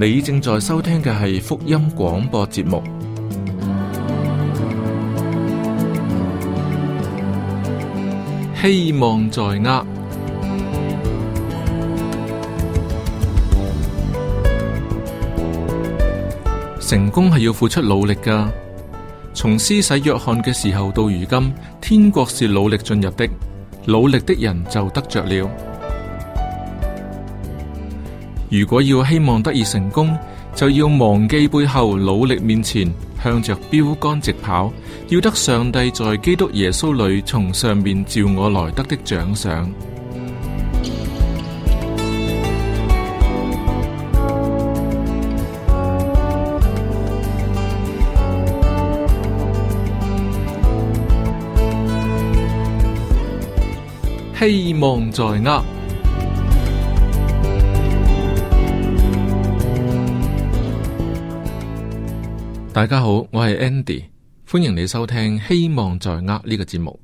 你正在收聽嘅係福音廣播節目，希望在握。成功係要付出努力㗎。從施洗約翰嘅時候到如今，天國是努力進入的，努力的人就得着了。如果要希望得以成功，就要忘記背後，努力面前，向着標杆直跑。要得上帝在基督耶穌裏從上面召我來得的獎賞，希望在握。大家好，我係 Andy，歡迎你收聽《希望在握》呢個節目。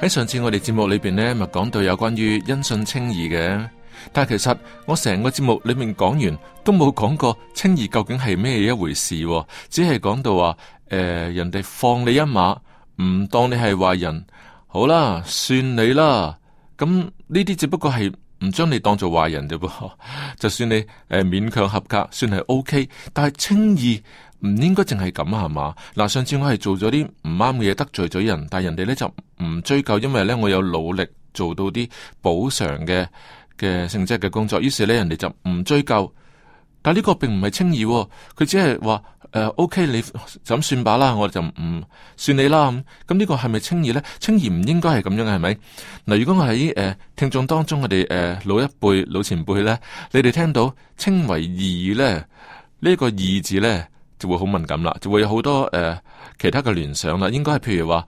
喺 上次我哋節目裏邊呢，咪講到有關於因信稱義嘅。但係其實我成個節目裏面講完都冇講過青兒究竟係咩一回事，哦，只係講到話誒、呃，人哋放你一馬，唔當你係壞人，好啦，算你啦。咁呢啲只不過係唔將你當做壞人啫，哦，就算你誒、呃、勉強合格，算係 OK。但係青兒唔應該淨係咁係嘛嗱。上次我係做咗啲唔啱嘅嘢，得罪咗人，但係人哋咧就唔追究，因為咧我有努力做到啲補償嘅。嘅性質嘅工作，於是咧人哋就唔追究，但係呢個並唔係情義，佢只係話誒，O K，你咁算吧啦，我哋就唔算你啦咁，嗯嗯這個、是是呢個係咪情義咧？情義唔應該係咁樣嘅，係咪？嗱、呃，如果我喺誒、呃、聽眾當中，我哋誒、呃、老一輩、老前輩咧，你哋聽到情義二咧，這個、呢個二字咧就會好敏感啦，就會有好多誒、呃、其他嘅聯想啦。應該係譬如話誒、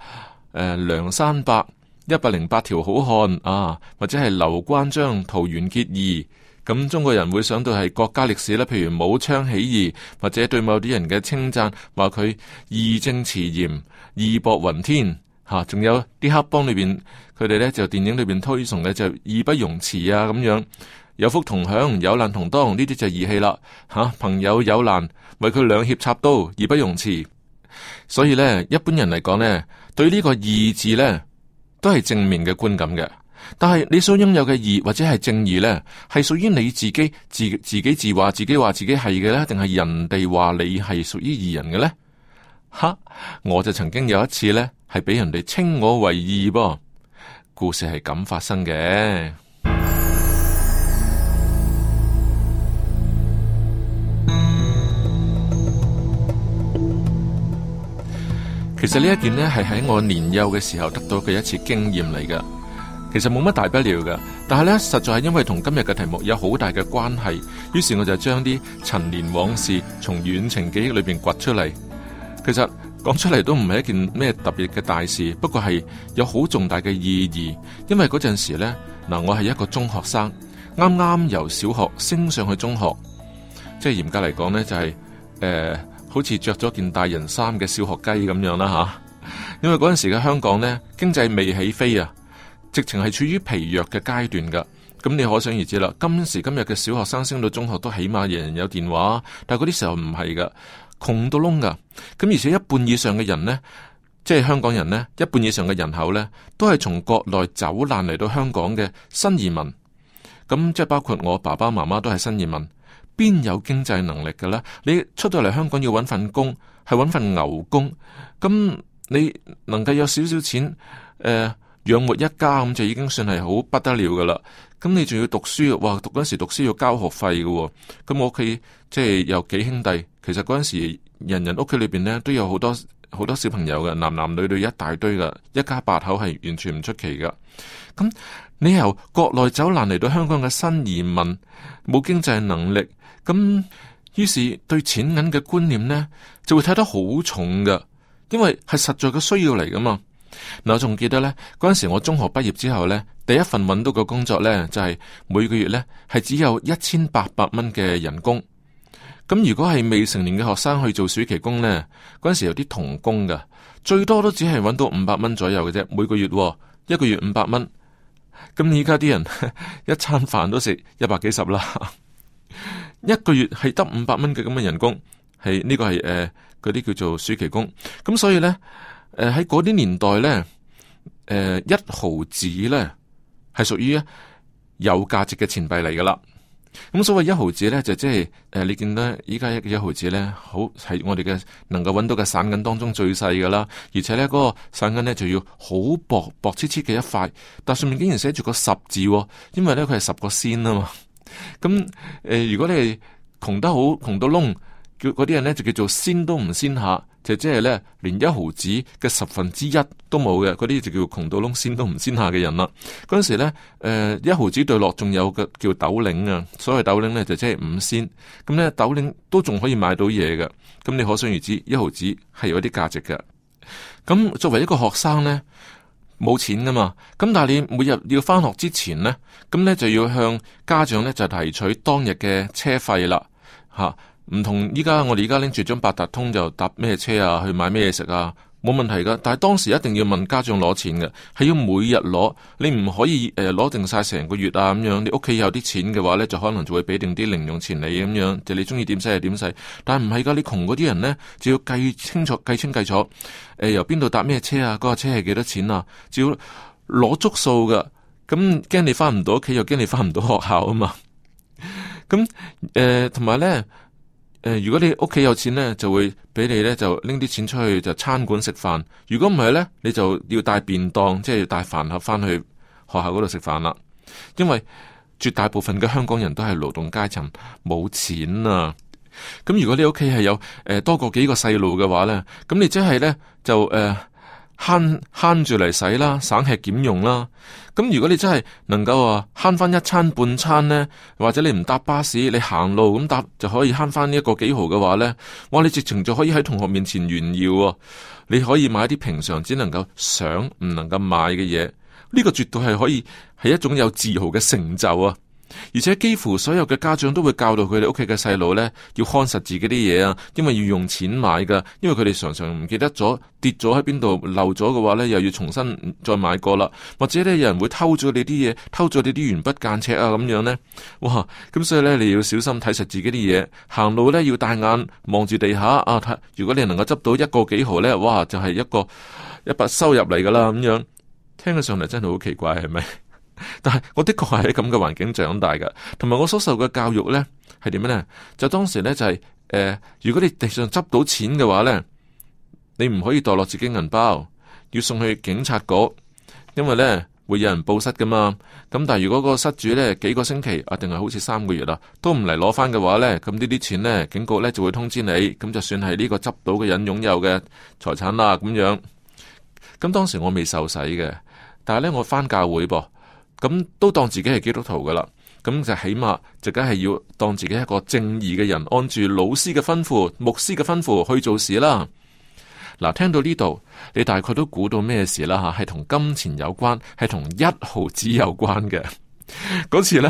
呃、梁山伯。一百零八條好漢啊，或者係劉關張桃園結義咁，中國人會想到係國家歷史咧。譬如武昌起義，或者對某啲人嘅稱讚，話佢義正辭嚴、義薄雲天吓。仲、啊、有啲黑幫裏邊，佢哋呢就電影裏邊推崇嘅就義不容辭啊，咁樣有福同享，有難同當，呢啲就義氣啦吓。朋友有難，為佢兩肋插刀，義不容辭。所以呢，一般人嚟講呢，對呢個義字呢，都係正面嘅觀感嘅，但係你所擁有嘅義或者係正義呢，係屬於你自己自自己自話自己話自己係嘅呢？定係人哋話你係屬於義人嘅呢？吓？我就曾經有一次呢，係俾人哋稱我為義噃，故事係咁發生嘅。其實呢一件呢係喺我年幼嘅時候得到嘅一次經驗嚟㗎，其實冇乜大不了㗎，但係呢實在係因為同今日嘅題目有好大嘅關係，於是我就將啲陳年往事從遠程記憶裏邊掘出嚟。其實講出嚟都唔係一件咩特別嘅大事，不過係有好重大嘅意義，因為嗰陣時呢，嗱，我係一個中學生，啱啱由小學升上去中學，即係嚴格嚟講呢，就係、是、誒。呃好似着咗件大人衫嘅小學雞咁樣啦嚇、啊，因為嗰陣時嘅香港咧經濟未起飛啊，直情係處於疲弱嘅階段噶。咁你可想而知啦，今時今日嘅小學生升到中學都起碼人人有電話，但係嗰啲時候唔係噶，窮到窿噶。咁而且一半以上嘅人呢，即係香港人呢，一半以上嘅人口呢，都係從國內走難嚟到香港嘅新移民。咁即係包括我爸爸媽媽都係新移民。邊有經濟能力嘅咧？你出到嚟，香港要搵份工，係搵份牛工。咁你能夠有少少錢，誒、呃、養活一家咁就已經算係好不得了嘅啦。咁你仲要讀書，哇！讀嗰時讀書要交學費嘅、哦。咁我屋企即係有幾兄弟，其實嗰時人人屋企裏邊咧都有好多好多小朋友嘅，男男女女一大堆嘅，一家八口係完全唔出奇嘅。咁你由國內走難嚟到香港嘅新移民，冇經濟能力。咁，於是對錢銀嘅觀念呢，就會睇得好重噶，因為係實在嘅需要嚟噶嘛。嗱，我仲記得呢，嗰陣時我中學畢業之後呢，第一份揾到嘅工作呢，就係、是、每個月呢，係只有一千八百蚊嘅人工。咁如果係未成年嘅學生去做暑期工呢，嗰陣時有啲童工嘅，最多都只係揾到五百蚊左右嘅啫，每個月、哦，一個月五百蚊。咁而家啲人 一餐飯都食一百幾十啦。 一個月係得五百蚊嘅咁嘅人工，係呢、呢個係誒嗰啲叫做暑期工。咁所以咧，誒喺嗰啲年代咧，誒、呃、一毫子咧係屬於有價值嘅錢幣嚟噶啦。咁所謂一毫子咧，就即係誒你見到依家一毫子咧，好係我哋嘅能夠揾到嘅散銀當中最細噶啦。而且咧嗰、嗰個散銀咧就要好薄薄黐黐嘅一塊，但上面竟然寫住個十字，哦，因為咧佢係十個仙啊嘛。咁誒、呃，如果你係窮得好窮到窿，叫嗰啲人咧就叫做先都唔先下，就即係咧連一毫子嘅十分之一都冇嘅，嗰啲就叫窮到窿先都唔先下嘅人啦。嗰陣時咧，誒、呃，一毫子對落仲有個叫斗零啊，所謂斗零咧就即係五仙，咁咧斗零都仲可以買到嘢嘅。咁你可想而知，一毫子係有啲價值嘅。咁作為一個學生咧。冇錢㗎嘛，咁但係你每日要返學之前呢，咁呢就要向家長呢就提取當日嘅車費啦，嚇，唔同依家我哋而家拎住張八達通就搭咩車啊，去買咩食啊。冇問題噶，但係當時一定要問家長攞錢嘅，係要每日攞，你唔可以誒攞定晒成個月啊咁樣。你屋企有啲錢嘅話咧，就可能就會俾定啲零用錢你咁樣，就你中意點使就點使。但係唔係㗎，你窮嗰啲人咧，就要計清楚、計清計楚，誒、呃，由邊度搭咩車啊？嗰、那個車係幾多錢啊？就要攞足數嘅，咁驚你返唔到屋企，又驚你返唔到學校啊嘛。咁 誒，同埋咧。誒、呃，如果你屋企有錢咧，就會俾你咧就拎啲錢出去就餐館食飯；如果唔係咧，你就要帶便當，即係要帶飯盒翻去學校嗰度食飯啦。因為絕大部分嘅香港人都係勞動階層，冇錢啊。咁如果你屋企係有誒、呃、多過幾個細路嘅話咧，咁你即係咧就誒。呃慳慳住嚟使啦，省吃儉用啦。咁如果你真係能夠啊慳翻一餐半餐呢，或者你唔搭巴士，你行路咁搭就可以慳翻呢一個幾毫嘅話咧，哇！你直情就可以喺同學面前炫耀喎。你可以買啲平常只能夠想唔能夠買嘅嘢，呢、這個絕對係可以係一種有自豪嘅成就啊！而且幾乎所有嘅家長都會教導佢哋屋企嘅細路呢，要看實自己啲嘢啊，因為要用錢買噶因為佢哋常常唔記得咗跌咗喺邊度漏咗嘅話呢，又要重新再買過啦。或者呢，有人會偷咗你啲嘢，偷咗你啲鉛筆間尺啊咁樣呢，哇！咁所以呢，你要小心睇實自己啲嘢，行路呢，要大眼望住地下啊。睇，如果你能夠執到一個幾毫呢，哇！就係一個一筆收入嚟噶啦咁樣，聽起上嚟真係好奇怪，係咪？但係我的確係喺咁嘅環境長大嘅，同埋我所受嘅教育呢係點樣呢？就當時呢，就係、是、誒、呃，如果你地上執到錢嘅話呢，你唔可以墮落自己銀包，要送去警察局，因為呢會有人報失噶嘛。咁但係如果個失主呢，幾個星期啊，定係好似三個月啦，都唔嚟攞翻嘅話呢，咁呢啲錢呢，警局呢就會通知你，咁就算係呢個執到嘅人擁有嘅財產啦。咁樣，咁當時我未受洗嘅，但係呢，我翻教會噃。咁都當自己係基督徒噶啦，咁就起碼，就梗係要當自己係一個正義嘅人，按住老師嘅吩咐、牧師嘅吩咐去做事啦。嗱，聽到呢度，你大概都估到咩事啦吓？係、啊、同金錢有關，係同一毫子有關嘅。嗰 次呢，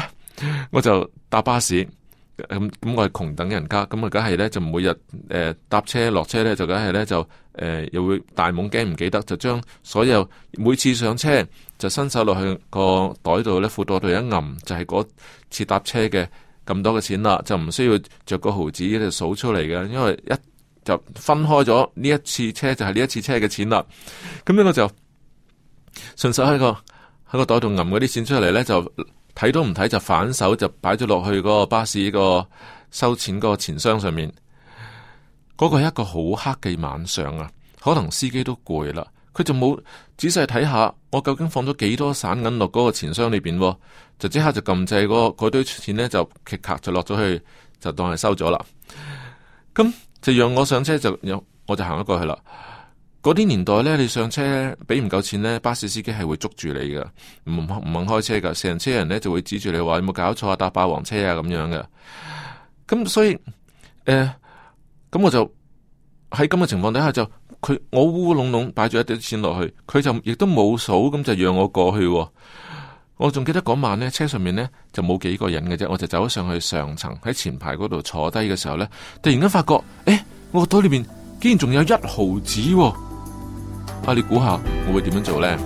我就搭巴士。咁咁，我係窮等人家，咁啊，梗係咧就每日誒搭車落車咧，就梗係咧就誒又會大懵驚唔記得，就將所有每次上車就伸手落去個袋度咧褲袋度一撳，就係嗰次搭車嘅咁多嘅錢啦，就唔需要着個毫子就數出嚟嘅，因為一就分開咗呢一次車就係呢一次車嘅錢啦。咁呢個就順手喺個喺個袋度撳嗰啲錢出嚟咧就。睇都唔睇就反手就擺咗落去嗰個巴士嗰個收錢嗰個錢箱上面。嗰、嗰個係一個好黑嘅晚上啊，可能司機都攰啦，佢就冇仔細睇下我究竟放咗幾多散銀落嗰個錢箱裏邊、啊，就即刻就撳掣，嗰個堆錢呢，就揭卡就落咗去，就當係收咗啦。咁就讓我上車，就我就行咗過去啦。嗰啲年代咧，你上車俾唔夠錢咧，巴士司機係會捉住你噶唔唔肯開車噶成車人咧就會指住你話有冇搞錯啊，搭霸王車啊咁樣噶咁、嗯、所以誒、咁、呃嗯、我就喺咁嘅情況底下就，就佢我烏烏燶燶擺咗一啲錢落去，佢就亦都冇數，咁就讓我過去、啊。我仲記得嗰晚咧，車上面咧就冇幾個人嘅啫，我就走上去上層喺前排嗰度坐低嘅時候咧，突然間發覺，誒、欸，我袋裏面竟然仲有一毫子、啊。啊！你估下我會點樣做咧？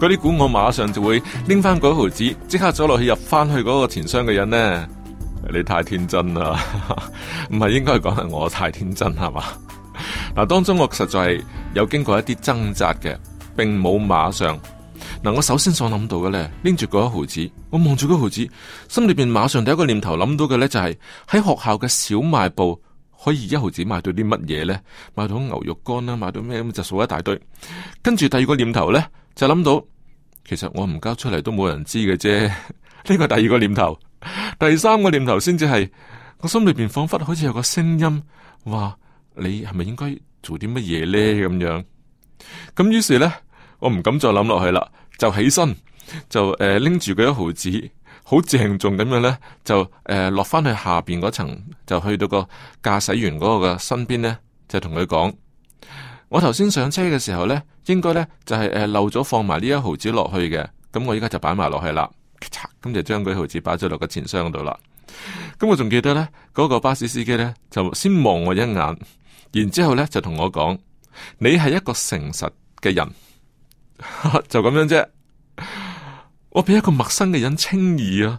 嗰啲估我馬上就會拎翻嗰毫紙，即刻走落去入翻去嗰個錢箱嘅人咧，你太天真啦！唔 係應該講係我太天真係嘛？嗱， 當中我實在係有經過一啲掙扎嘅，並冇馬上。嗱、啊，我首先所諗到嘅咧，拎住嗰一毫子，我望住嗰毫子，心裏邊馬上第一個念頭諗到嘅咧就係、是、喺學校嘅小賣部可以一毫子買到啲乜嘢咧？買到牛肉乾啦、啊，買到咩咁就數一大堆。跟住第二個念頭咧，就諗到其實我唔交出嚟都冇人知嘅啫。呢、這個第二個念頭，第三個念頭先至係我心裏邊仿佛好似有個聲音話：你係咪應該做啲乜嘢咧？咁樣咁，於是咧我唔敢再諗落去啦。就起身，就誒拎住佢一毫子，好鄭重咁樣咧，就誒、呃、落翻去下邊嗰層，就去到個駕駛員嗰個嘅身邊咧，就同佢講：我頭先上車嘅時候咧，應該咧就係、是、誒、呃、漏咗放埋呢一毫子落去嘅，咁我依家就擺埋落去啦。咁就將佢一毫子擺咗落個錢箱度啦。咁我仲記得咧，嗰、那個巴士司機咧就先望我一眼，然之後咧就同我講：你係一個誠實嘅人。 就咁樣啫。我俾一個陌生嘅人稱譽，啊，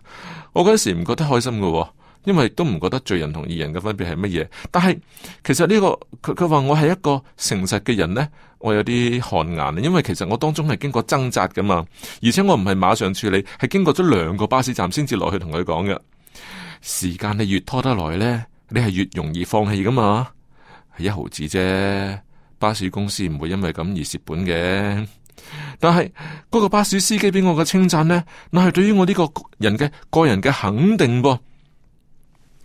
我嗰時唔覺得開心噶、啊，因為都唔覺得罪人同異人嘅分別係乜嘢。但係其實呢個佢佢話我係一個誠實嘅人呢，我有啲汗顏，因為其實我當中係經過掙扎噶嘛，而且我唔係馬上處理，係經過咗兩個巴士站先至落去同佢講嘅。時間你越拖得耐呢，你係越容易放棄噶嘛。係一毫子啫，巴士公司唔會因為咁而蝕本嘅。但係嗰個巴士司機俾我嘅稱讚呢，那係對於我呢個人嘅個人嘅肯定噃。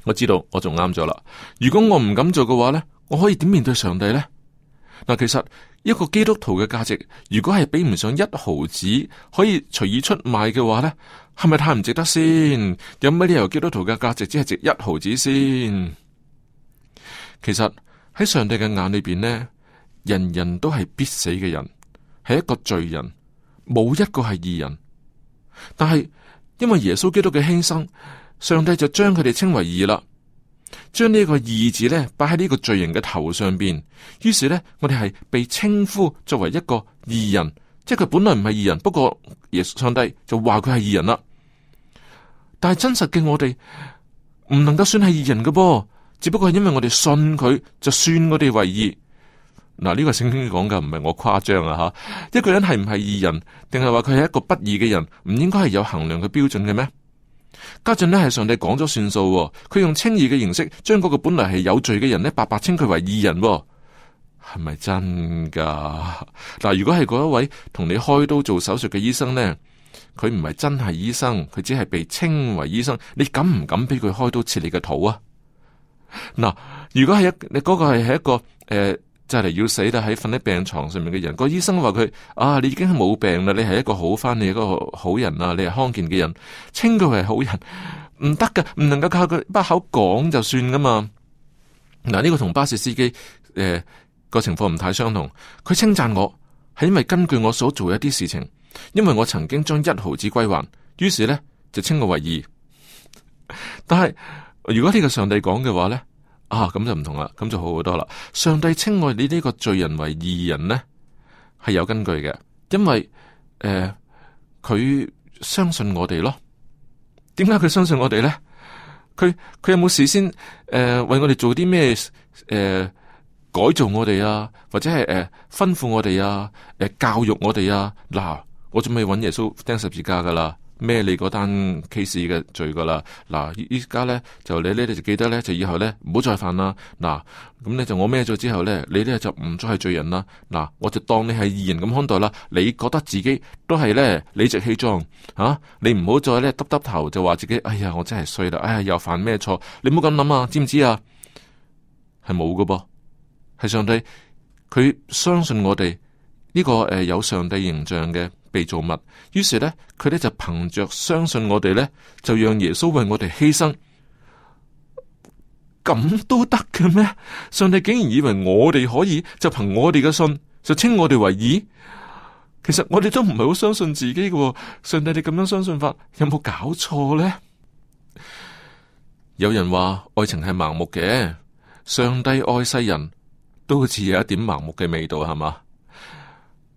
我知道我仲啱咗啦。如果我唔敢做嘅話呢，我可以點面對上帝呢？嗱，其實一個基督徒嘅價值，如果係比唔上一毫子可以隨意出賣嘅話呢，係咪太唔值得先？有乜理由基督徒嘅價值只係值一毫子先？其實喺上帝嘅眼裏邊呢，人人都係必死嘅人。係一個罪人，冇一個係義人。但係因為耶穌基督嘅犧牲，上帝就將佢哋稱為義啦，將呢個義字咧擺喺呢個罪人嘅頭上邊。於是咧，我哋係被稱呼作為一個義人，即係佢本來唔係義人，不過耶穌上帝就話佢係義人啦。但係真實嘅我哋唔能夠算係義人嘅噃，只不過係因為我哋信佢，就算我哋為義。嗱，呢個聖經講嘅唔係我誇張啊！吓，一個人係唔係義人，定係話佢係一個不義嘅人，唔應該係有衡量嘅標準嘅咩？加上呢上呢係上帝講咗算數，哦，佢用稱義嘅形式，將嗰個本嚟係有罪嘅人呢，白白稱佢為義人，哦，係咪真噶？嗱，如果係嗰一位同你開刀做手術嘅醫生呢，佢唔係真係醫生，佢只係被稱為醫生，你敢唔敢俾佢開刀切你嘅肚啊？嗱，如果係一你個係係一個誒。呃就嚟要死得喺瞓喺病床上面嘅人，個醫生話佢：啊，你已經係冇病啦，你係一個好翻，你一個好人啊，你係康健嘅人，稱佢為好人，唔得噶，唔能夠靠佢把口講就算噶嘛。嗱、啊，呢、這個同巴士司機誒、呃、個情況唔太相同。佢稱讚我係因為根據我所做一啲事情，因為我曾經將一毫子歸還，於是呢就稱我為義。但係如果呢個上帝講嘅話呢……啊，咁就唔同啦，咁就好好多啦。上帝稱愛你呢個罪人為義人呢，係有根據嘅，因為誒佢、呃、相信我哋咯。點解佢相信我哋咧？佢佢有冇事先誒、呃、為我哋做啲咩誒改造我哋啊？或者係誒、呃、吩咐我哋啊？誒教育我哋啊？嗱，我準備揾耶穌釘十字架噶啦。孭你嗰單 case 嘅罪噶啦，嗱依家咧就你呢，你就記得咧就以後咧唔好再犯啦。嗱，咁咧就我孭咗之後咧，你咧就唔再係罪人啦。嗱，我就當你係義人咁看待啦。你覺得自己都係咧理直氣壯吓，你唔好、啊、再咧耷耷頭就話自己，哎呀，我真係衰啦，哎呀，又犯咩錯？你唔好咁諗啊，知唔知啊？係冇噶噃，係上帝佢相信我哋呢、這個誒、呃、有上帝形象嘅。被造物，於是呢，佢呢就憑着相信我哋呢就讓耶穌為我哋犧牲，咁都得嘅咩？上帝竟然以為我哋可以就憑我哋嘅信就稱我哋為義，其實我哋都唔係好相信自己嘅，哦，上帝你咁樣相信法有冇搞錯呢？有人話愛情係盲目嘅，上帝愛世人，都好似有一點盲目嘅味道係嘛？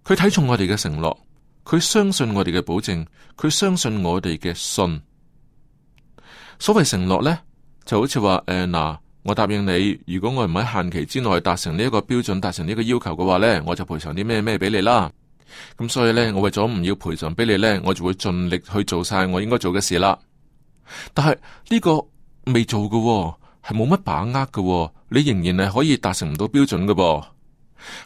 佢睇重我哋嘅承諾。佢相信我哋嘅保證，佢相信我哋嘅信。所謂承諾呢，就好似話，誒、呃、嗱，我答應你，如果我唔喺限期之內達成呢一個標準，達成呢個要求嘅話呢，我就賠償啲咩咩俾你啦。咁、嗯、所以呢，我為咗唔要賠償俾你呢，我就會盡力去做晒我應該做嘅事啦。但係呢、呢個未做嘅、哦，係冇乜把握嘅、哦，你仍然係可以達成唔到標準嘅噃、哦。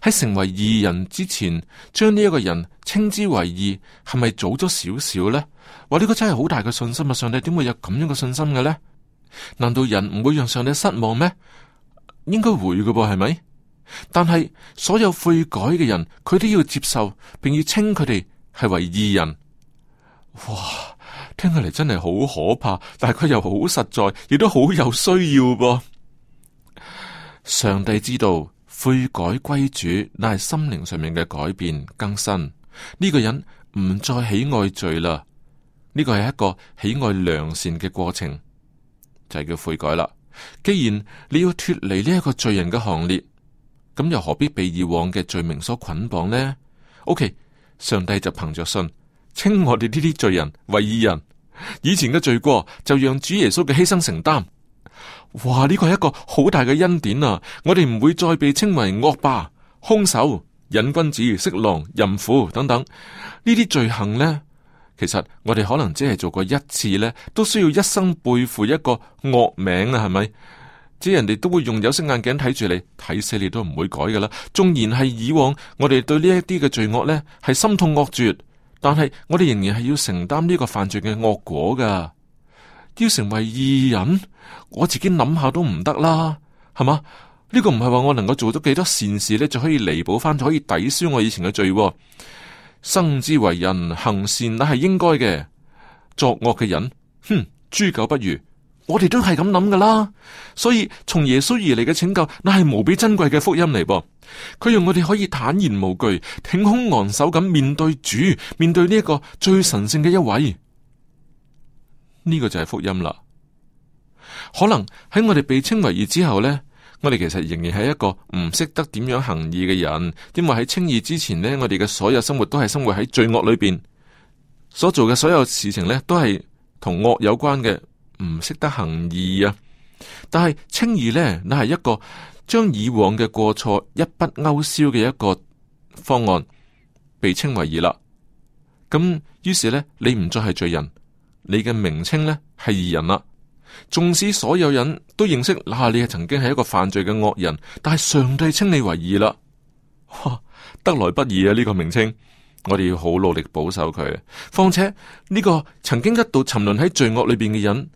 喺成為義人之前，將呢一個人稱之為義，係咪早咗少少呢？話呢個真係好大嘅信心啊！上帝點會有咁樣嘅信心嘅呢？難道人唔會讓上帝失望咩？應該會嘅噃，係咪？但係所有悔改嘅人，佢都要接受，並要稱佢哋係為義人。哇！聽起嚟真係好可怕，但係佢又好實在，亦都好有需要噃。上帝知道。悔改歸主，乃係心靈上面嘅改變更新。呢個人唔再喜愛罪啦，呢個係一個喜愛良善嘅過程，就係叫悔改啦。既然你要脫離呢一個罪人嘅行列，咁又何必被以往嘅罪名所捆綁呢？OK，上帝就憑着信稱我哋呢啲罪人為義人，以前嘅罪過就讓主耶穌嘅犧牲承擔。哇！呢個係一個好大嘅恩典啊！我哋唔會再被稱為惡霸、凶手、癮君子、色狼、淫婦等等呢啲罪行呢，其實我哋可能只係做過一次呢，都需要一生背負一個惡名啊？係咪？只係人哋都會用有色眼鏡睇住你，睇死你都唔會改噶啦。縱然係以往我哋對呢一啲嘅罪惡呢，係心痛惡絕，但係我哋仍然係要承擔呢個犯罪嘅惡果噶。要成為義人，我自己諗下都唔得啦，係嘛？呢、這個唔係話我能夠做咗幾多善事咧，就可以彌補翻，就可以抵消我以前嘅罪，哦。生之為人，行善那係應該嘅。作惡嘅人，哼，豬狗不如。我哋都係咁諗噶啦。所以從耶穌而嚟嘅拯救，那係無比珍貴嘅福音嚟。佢讓我哋可以坦然無懼，挺胸昂首咁面對主，面對呢一個最神聖嘅一位。呢個就係福音啦！可能喺我哋被稱為義之後呢，我哋其實仍然係一個唔識得點樣行義嘅人。因為喺稱義之前呢，我哋嘅所有生活都係生活喺罪惡裏邊，所做嘅所有事情呢，都係同惡有關嘅，唔識得行義啊！但係稱義呢，那係一個將以往嘅過錯一筆勾銷嘅一個方案，被稱為義啦。咁於是呢，你唔再係罪人。你嘅名稱呢係義人啦，縱使所有人都認識，嗱、啊、你係曾經係一個犯罪嘅惡人，但係上帝稱你為義啦。哇，得來不易啊！呢、這個名稱，我哋要好努力保守佢。況且呢、這個曾經一度沉淪喺罪惡裡面嘅人，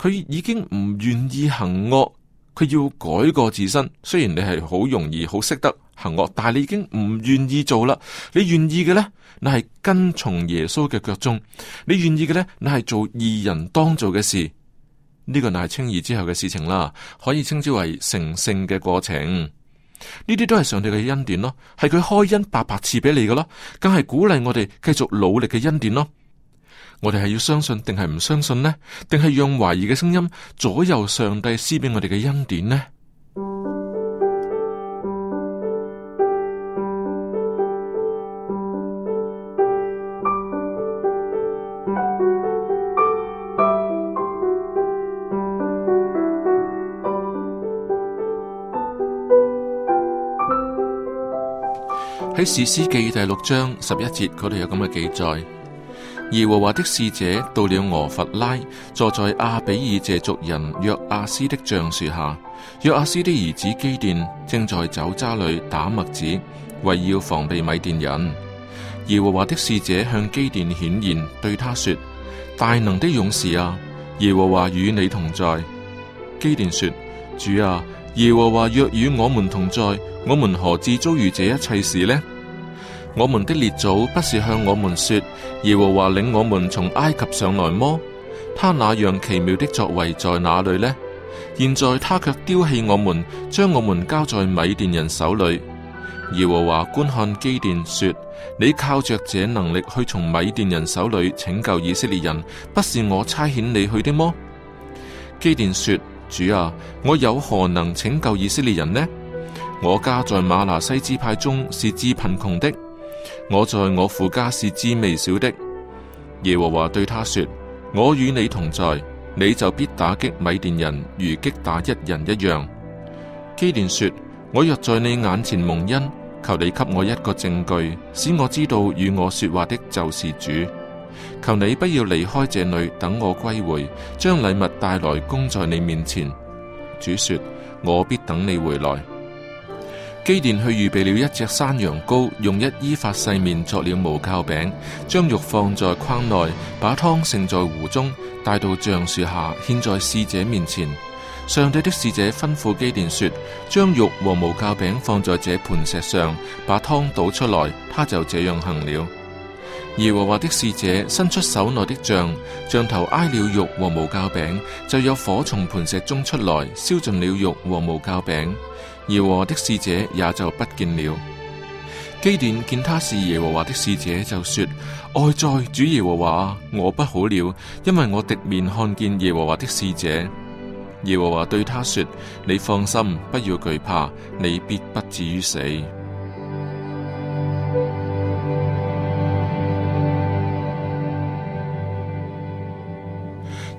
佢已經唔願意行惡。佢要改過自身，雖然你係好容易好識得行惡，但係你已經唔願意做啦。你願意嘅呢，你係跟從耶穌嘅腳蹤；你願意嘅呢，你係做義人當做嘅事。呢個乃係稱義之後嘅事情啦，可以稱之為成聖嘅過程。呢啲都係上帝嘅恩典咯，係佢開恩白白賜俾你嘅咯，梗係鼓勵我哋繼續努力嘅恩典咯。我哋係要相信，定係唔相信呢？定係讓懷疑嘅聲音左右上帝施俾我哋嘅恩典呢？喺《士師記》第六章十一節，佢哋有咁嘅記載。耶和華的使者到了俄弗拉，坐在亞比以謝族人約阿斯的橡樹下。約阿斯的兒子基甸正在酒渣裡打麥子，為要防備米甸人。耶和華的使者向基甸顯現，對他說：大能的勇士啊，耶和華與你同在。基甸說：主啊，耶和華若與我們同在，我們何至遭遇這一切事呢？我們的列祖不是向我們說，耶和華領我們從埃及上來麼？他那樣奇妙的作為在哪裏呢？現在他却丟棄我們，將我們交在米甸人手裏。耶和華觀看基甸說：你靠着這能力去從米甸人手裏拯救以色列人，不是我差遣你去的麼？基甸說：主啊，我有何能拯救以色列人呢？我家在瑪拿西支派中是至貧窮的。我在我父家是至微小的。耶和華對他說：我與你同在，你就必打擊米甸人如擊打一人一樣。基甸說：我若在你眼前蒙恩，求你給我一個證據，使我知道與我說話的就是主。求你不要離開這裏，等我歸回，將禮物帶來供在你面前。主說：我必等你回來。基甸去預備了一隻山羊羔，用一伊法細麵作了無酵餅，將肉放在筐內，把湯盛在壺中，帶到橡樹下獻在使者面前。上帝的使者吩咐基甸說：將肉和無酵餅放在這磐石上，把湯倒出來。他就這樣行了。耶和華的使者伸出手內的杖，杖頭挨了肉和無酵餅，就有火從磐石中出來，燒盡了肉和無酵餅，耶和華的使者也就不見了。基甸見他是耶和華的使者，就說：哀哉主耶和華，我不好了，因為我覿面看見耶和華的使者。耶和華對他說：你放心，不要懼怕，你必不至於死。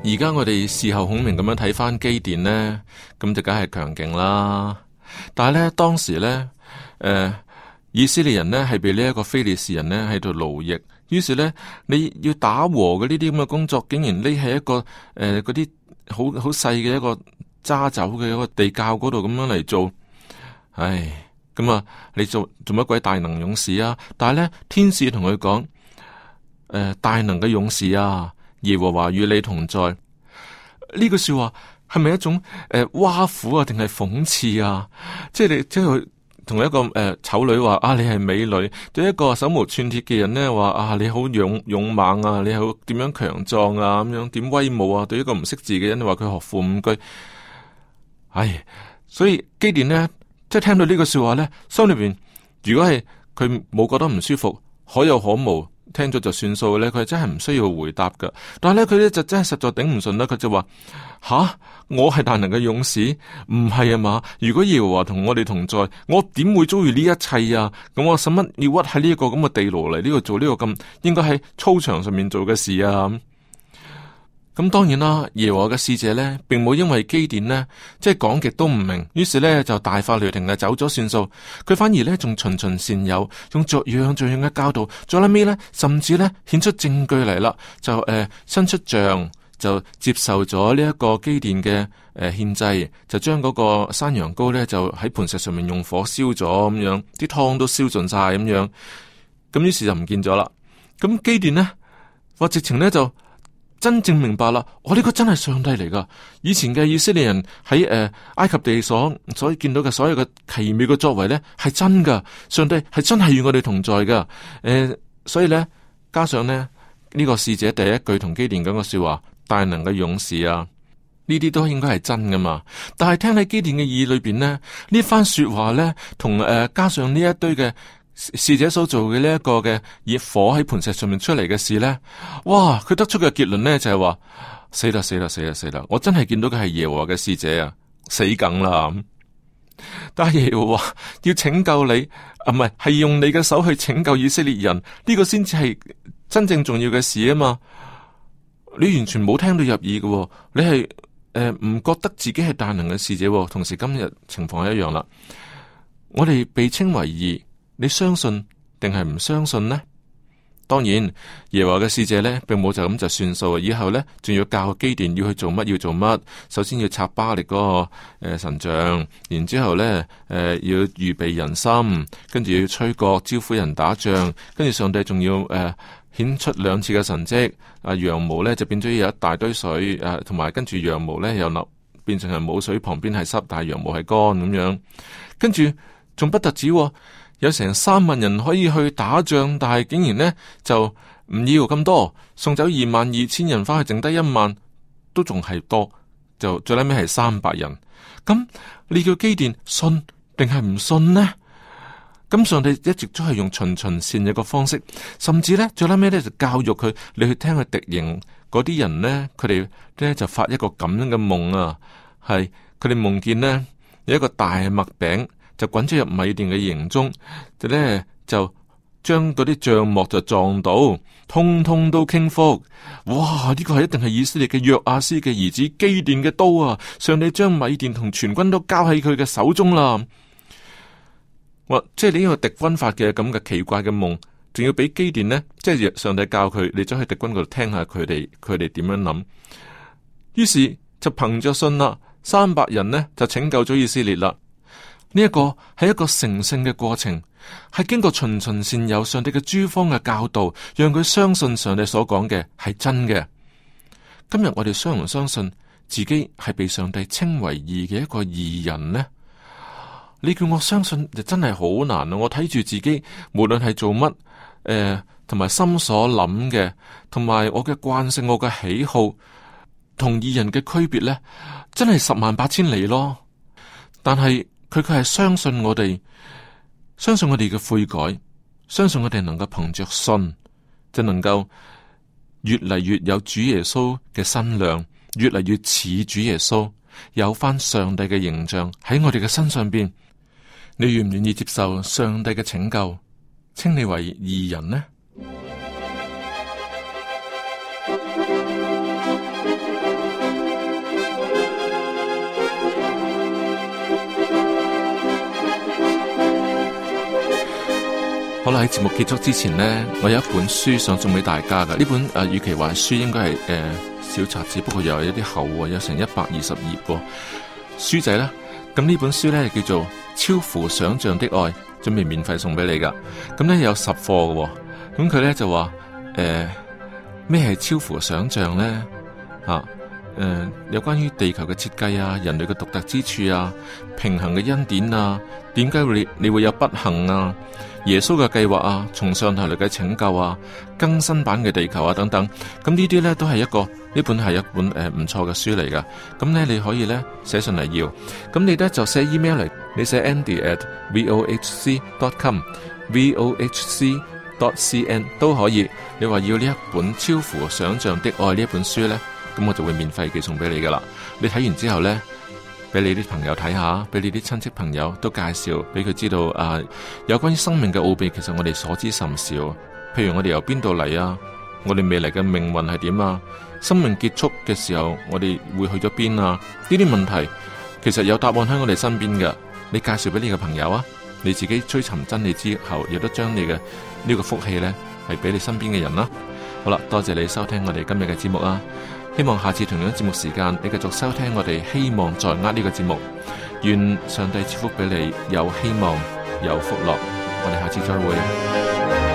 而家我哋事後孔明咁樣睇翻基甸呢，咁就梗係強勁啦。但係呢，當時呢，誒、呃，以色列人呢係被呢一個非利士人呢喺度奴役，於是呢，你要打和嘅呢啲咁嘅工作，竟然匿喺一個誒嗰啲好好細嘅一個揸走嘅一個地窖嗰度咁樣嚟做。唉，咁啊，你做做乜鬼大能勇士啊？但係呢，天使同佢講，誒、呃，大能嘅勇士啊！耶和華與你同在，呢、這個說話係咪一種誒挖、呃、苦啊，定係諷刺啊？即係你即係佢同一個誒、呃、醜女話啊，你係美女；對一個手無寸鐵嘅人呢話啊，你好勇勇猛啊，你好點樣強壯啊？咁樣點威武啊？對一個唔識字嘅人話佢學富五車。唉，所以基甸呢，即係聽到呢個說話呢，心裏邊如果係佢冇覺得唔舒服，可有可無。聽咗就算數咧，佢真係唔需要回答噶。但係咧，佢咧就真係實在頂唔順啦。佢就話：吓，我係大能嘅勇士，唔係啊嘛。如果耶和華同我哋同在，我點會遭遇呢一切啊？咁我使乜要屈喺呢一個咁嘅地牢嚟呢度做呢個咁應該喺操場上面做嘅事啊？咁當然啦，耶和華嘅使者呢，並冇因為基甸呢，即係講極都唔明，於是呢，就大發雷霆嘅走咗算數。佢反而呢，仲循循善誘，用作樣作樣嘅教導。再拉尾呢，甚至呢，顯出證據嚟啦，就誒、呃、伸出杖就接受咗呢一個基甸嘅誒獻祭，就將嗰個山羊羔呢，就喺磐石上面用火燒咗咁樣，啲湯都燒盡晒，咁樣。咁於是就唔見咗啦。咁基甸呢，話直情呢，就。真正明白啦，我呢個真係上帝嚟噶。以前嘅以色列人喺誒、呃、埃及地所所以見到嘅所有嘅奇妙嘅作為咧係真噶，上帝係真係與我哋同在噶。誒、呃，所以咧加上咧呢、這個使者第一句同基甸講嘅說話，大能嘅勇士啊，呢啲都應該係真噶嘛。但係聽喺基甸嘅耳裏邊呢，呢番說話咧同誒、呃、加上呢一堆嘅。侍者所做嘅呢一個嘅熱火喺盤石上面出嚟嘅事呢？哇！佢得出嘅結論呢就係話，死啦，死啦，死啦，死啦。我真係見到嘅係耶和華嘅侍者啊，死梗啦。但係耶和華要拯救你，唔係係用你嘅手去拯救以色列人呢，呢個先至係真正重要嘅事吖嘛，你完全冇聽到入耳㗎喎，你係誒唔覺得自己係大能嘅侍者喎，同時今日情況係一樣啦。我哋被稱為義，你相信定係唔相信呢？當然，耶和華嘅使者呢並冇就咁就算數。以後呢，仲要教個基甸要去做乜要做乜？首先要拆巴力嗰個神像，然之後呢誒、呃、要預備人心，跟住要吹角招呼人打仗，跟住上帝仲要誒顯、呃、出兩次嘅神跡。啊，羊毛呢就變咗有一大堆水誒，同、啊、埋跟住羊毛呢又流變成係冇水旁邊係濕，但係羊毛係乾咁樣。跟住仲不特止，止、哦。有成三萬人可以去打仗，但係竟然呢就唔要咁多，送走二萬二千人去，翻去剩低一萬，都仲係多，就最拉尾係三百人。咁你叫基甸信定係唔信呢？咁上帝一直都係用循循善誘嘅方式，甚至呢最拉尾咧就教育佢，你去聽佢敵營嗰啲人呢，佢哋咧就發一個咁樣嘅夢啊，係佢哋夢見呢有一個大麥餅。就滾咗入米甸嘅營中，就咧就將嗰啲帳幕就撞到，通通都傾覆。哇！呢、這個係一定係以色列嘅約阿斯嘅兒子基甸嘅刀啊！上帝將米甸同全軍都交喺佢嘅手中啦。哇，即係呢個敵軍發嘅咁嘅奇怪嘅夢，仲要俾基甸呢？即係上帝教佢，你走去敵軍嗰度聽下佢哋佢哋點樣諗。於是就憑着信啦，三百人呢，就拯救咗以色列啦。呢一個係一個成聖嘅過程，係經過循循善誘，上帝嘅珠方嘅教導，讓佢相信上帝所講嘅係真嘅。今日我哋相唔相信自己係被上帝稱為義嘅一個義人呢？你叫我相信就真係好難啊！我睇住自己，無論係做乜，誒、呃，同埋心所諗嘅，同埋我嘅慣性，我嘅喜好，同義人嘅區別呢，真係十萬八千里咯。但係，佢佢係相信我哋，相信我哋嘅悔改，相信我哋能夠憑着信就能夠越嚟越有主耶穌嘅身量，越嚟越似主耶穌，有翻上帝嘅形象喺我哋嘅身上邊。你願唔願意接受上帝嘅拯救，稱你為義人呢？好啦，我喺節目結束之前呢，我有一本書想送俾大家嘅。呢本誒，與、啊、其話書應該係誒、呃、小冊子，不過又有一啲厚喎，有成一百二十頁、哦。書仔咧，咁呢本書咧叫做《超乎想象的愛》，準備免費送俾你噶。咁呢，有十貨嘅、哦，咁佢呢，就話「誒咩係超乎想象呢？」啊？誒，有、嗯、關於地球嘅設計啊，人類嘅獨特之處啊，平衡嘅恩典啊，點解你你會有不幸啊？耶穌嘅計劃啊，從上頭嚟嘅拯救啊，更新版嘅地球啊等等，咁呢啲咧都係一個呢本係一本誒唔錯嘅書嚟噶。咁咧你可以咧寫信嚟要，咁你咧就寫 email 嚟，你寫 andy at vohc dot com，vohc dot cn 都可以。你話要呢一本超乎想象的愛呢一本書咧？咁我就會免費寄送俾你噶啦。你睇完之後呢，俾你啲朋友睇下，俾你啲親戚朋友都介紹俾佢知道。啊，有關於生命嘅奧秘，其實我哋所知甚少。譬如我哋由邊度嚟啊，我哋未來嘅命運係點啊，生命結束嘅時候我哋會去咗邊啊？呢啲問題其實有答案喺我哋身邊嘅。你介紹俾你嘅朋友啊，你自己追尋真理之後，亦都將你嘅呢個福氣呢，係俾你身邊嘅人啦、啊。好啦，多謝你收聽我哋今日嘅節目啊！希望下次同樣節目時間，你繼續收聽我哋希望在握呢個節目。願上帝祝福畀你，有希望，有福樂。我哋下次再會。